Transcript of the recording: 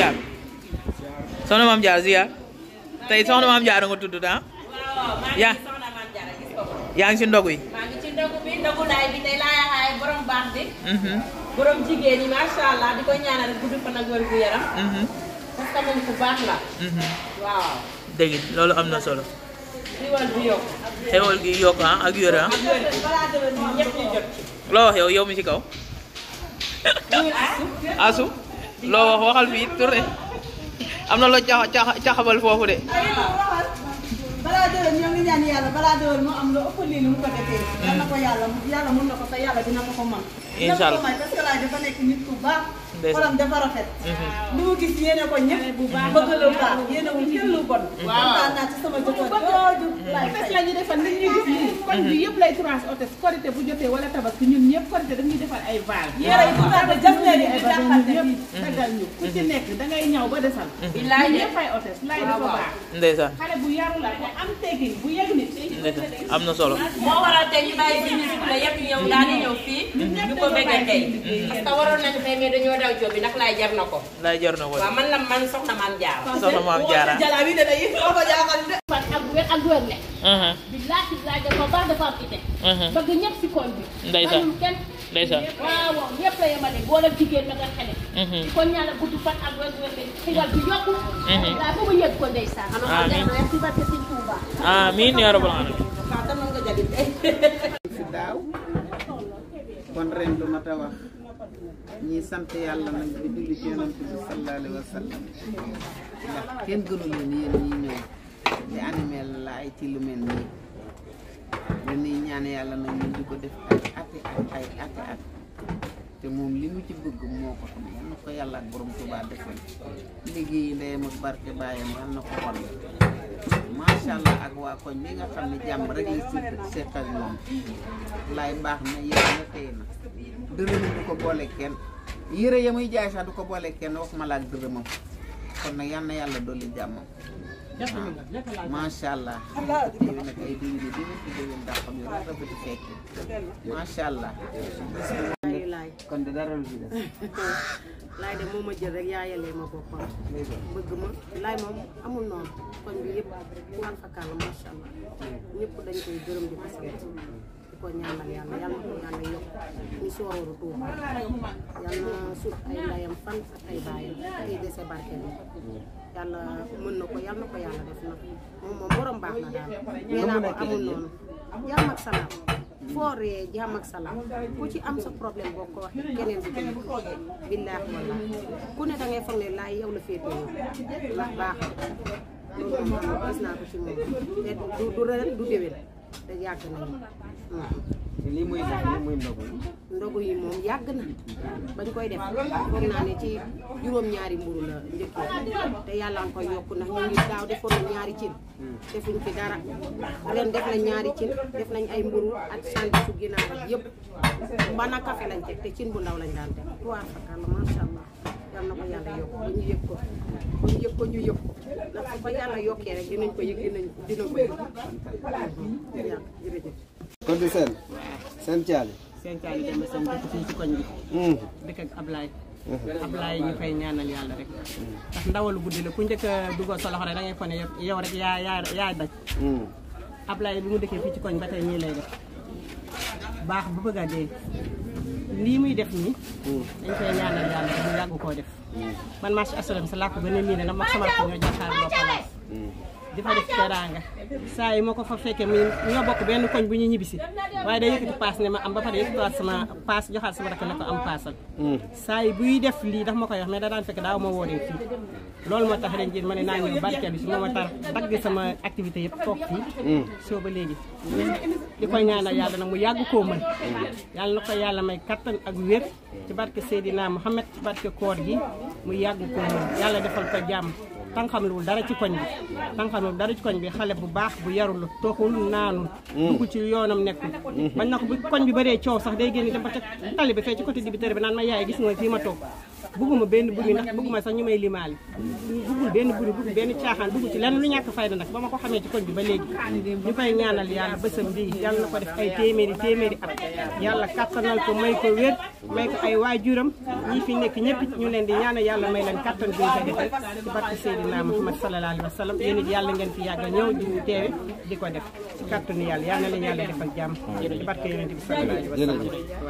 jaar soxna maam jaar ziar tey soxna maam jaar nga tudd daa yaa yaa ngi ci ndogu yi maa ngi ci ndogu bi ndogu laay bi tey laa yaay borom baax bi mhm. borom jigéen yi macha allah di ko ñaanal gudd fan ak wér gu yaram parce que moom ku baax la waaw dëgg loolu am na solo xewal gi yokk ah ak yore ah loo yow yow mi ci kaw asu loo wax waxal fii Touré am na loo cax cax caxabal foofu de. balaa déwén ñoo ngi ñaan yàlla balaa déwén mu am lu ëpp lii lu mu ko defee. yàlla mun na ko te yàlla dina ko ko mën. incha nit ku baax. xolam dafa rafet. lu mu gis yéene ko ñëpp. bu baax bëgg lu baax yéene wu kenn lu bon. waaw kontaan naa ci sama jëkkër jooju. fes la ñu defal nit ñi gis nii. koñ bi yëpp lay trans hôtes korité bu jotee wala tabaski ñun ñëpp korité dañuy defal ay vaal. yéen nit ku ci nekk dangay ñaw ba desal bilaay ñëppay otes laay dafa bu yaru la bu am solo moo waral tey ñu bàyyi ko dañoo daw joobi nag laay jar na ko laay jar na ko waaw man la man soxna maam jaara soxna maam jaara jala bi dana yëpp ko jaaxal de ak wér ak wér ne bilaay mhm. bilaay dafa baax mhm. waaw ñëpp la yemale boo la jigéen na nga Mm-hmm. kon yaa mm-hmm. rabbal alamin si daaw kon ren du ma ta wax ñii sant yàlla nag bi julli ci yonent bi sallallahu alayhi ndax kenn gënu leen ñi ñëw di animé la ay ci lu mel nii ñaan yàlla nag ñu di ko def ati ak ay at te moom li mu ci bëgg moo ko xam yal na ko yàlla ak borom Tuubaa defal liggéeyi ndeyam ak barke baayam yal na ko xol macha allah ak waa koñ bi nga xam ne jàmm rek la si seqal ñoom laay na yéen na tey na kenn yére ya muy jaay sax du ko boole kenn wax ma la ak dërëmam kon nag yàlla dolli jàmmam waaw allah allah Kan yaay kon de dara lu ci def laay de ma jël rek yaayalee ma boppam bëgg ma laay moom amul noonu kon bi yëpp allah hmm. dañ koy di basket. sant ñaanal yàlla yàlla ko yàlla yokk ñu si waru tuuba yàlla ay ndayam fan ay baayam ay dese barke bi yàlla mën na ko yàlla na def borom baax na amul fooree jàmm ak salaam ku ci am sa problème boo ko keneen bi dégg billaahi wallaahi ku ne da foog ne laay yow la féetee ndax baax na gis ci moom te du du ren du te yàgg nañu waaw. lii muy lii muy ndogu yi. moom yàgg na bañ koy def foog naa ne ci juróom-ñaari mburu la njëkkee te yàlla nga koy yokk ndax ñu ngi daaw defoon na ñaari cin. defuñ fi dara ren def nañ ñaari def nañ ay mburu ak sandwichu ginaar ak yëpp ba na lañ teg te cin bu ndaw lañ daan teg. waaw macha allah. yal na ko yàlla yokk ba ñu yëg ko ba ñu yëg ko ñu yëg ko ndax su ko yàlla yokkee rek dinañ ko yëg dinañ dina ko yëg yàlla jërëjëf kon di seen seen caali seen caali dem seen dëkk fii ci koñ bi hmm. dëkk ak Ablaye hmm. Ablaye ñu koy ñaanal yàlla rek ndax ndawalu guddi la ku njëkk a dugal sa loxo rek da ngay fane yow rek yaa yaa yaay daj hmm. Ablaye bi mu dëkkee fii ci koñ ba tey nii lay def baax bu bëgg a dee lii muy def nii. Mm. dañ koy ñaanal yàlla mu yàgg koo def. Mm. man marché assurance laa ko gën a miin nag ma sama rakk ñoo jàkkaarloo palaas. Mm. di fa saa yi ma ko fa fekkee muy ñoo bokk benn koñ bu ñu ñibbisi waaye day yëkkati paas ne ma am ba pare yëkkatiwaat sama paas joxaat sama rakk ne ko am paasal. saa yi buy def lii daf ma ko wax mais da daan daa daaw ma woo fii. loolu moo tax ren jii ma ne naa ñëw barkeel bi su ma ma tar dagg sama activité yëpp toog fii. soo ba léegi. di koy ñaanal yàlla na mu yàgg koo mën yàlla na ko yàlla may kattan ak wér ci barke Seydina Mohamed ci barke koor gi mu yàgg koo mën yàlla defal ko jàmm tànqamluwul dara ci koñ bi tànqamluwul dara ci koñ bi xale bu baax bu yarul toxul naanul dugg ci yoonam nekkul bañ na ko bu koñ bi bëree coow sax day génn dem ba ca bi fee ci côté dibiteri bi naan ma yaay gis nga fii ma toog bugguma benn buri ndax bugguma sax ñu may limaali buggul benn buri buggul benn caaxaan bugg ci lenn lu ñàkk fayda nag ba ma ko xamee ci koñ bi ba léegi ñu koy ñaanal yàlla bësam bi yàlla na ko def ay téeméeri téeméeri at yàlla kattanal ko may ko wér may ko ay waajuram ñi fi nekk ñëpp ñu leen di ñaanal yàlla may leen kattan bi ñu koy defee ci barke Seydina Muhammad sallallahu alayhi wa sallam yàlla ngeen fi yàgg a ñëw di teewe di ko def ci kattanu yàlla yàlla na leen yàlla defal jàmm ci